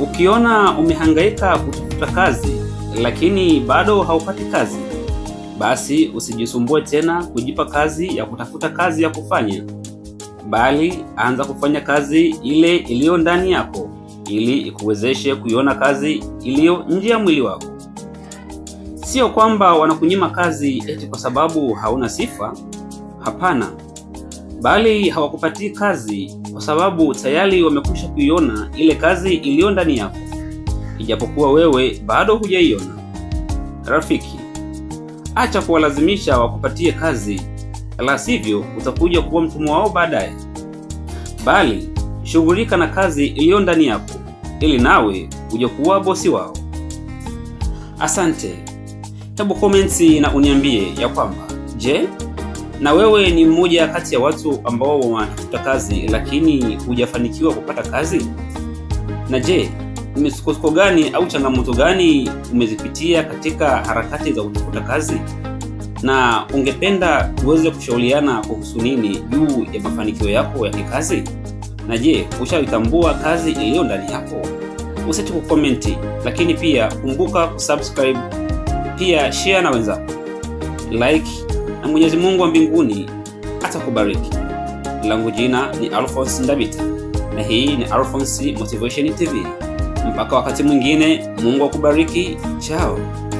Ukiona umehangaika kutafuta kazi lakini bado haupati kazi, basi usijisumbue tena kujipa kazi ya kutafuta kazi ya kufanya, bali anza kufanya kazi ile iliyo ndani yako ili ikuwezeshe kuiona kazi iliyo nje ya mwili wako. Sio kwamba wanakunyima kazi eti kwa sababu hauna sifa. Hapana bali hawakupatii kazi kwa sababu tayari wamekwisha kuiona ile kazi iliyo ndani yako, ijapokuwa wewe bado hujaiona. Rafiki, acha kuwalazimisha wakupatie kazi, la sivyo utakuja kuwa mtumwa wao baadaye, bali shughulika na kazi iliyo ndani yako ili nawe uje kuwa bosi wao. Asante. Hebu komenti na uniambie ya kwamba je, na wewe ni mmoja kati ya watu ambao wanatafuta kazi lakini hujafanikiwa kupata kazi? Na je, misukosuko gani au changamoto gani umezipitia katika harakati za kutafuta kazi? Na ungependa tuweze kushauriana kuhusu nini juu ya mafanikio yako ya kikazi? Na je, ushaitambua kazi iliyo ndani yako? Usiache kukomenti, lakini pia kumbuka kusubscribe, pia share na wenzako, like na Mwenyezi Mungu wa mbinguni atakubariki. Langu jina ni Alphonse Ndabita na hii ni Alphonse Motivation TV. Mpaka wakati mwingine, Mungu akubariki. Chao.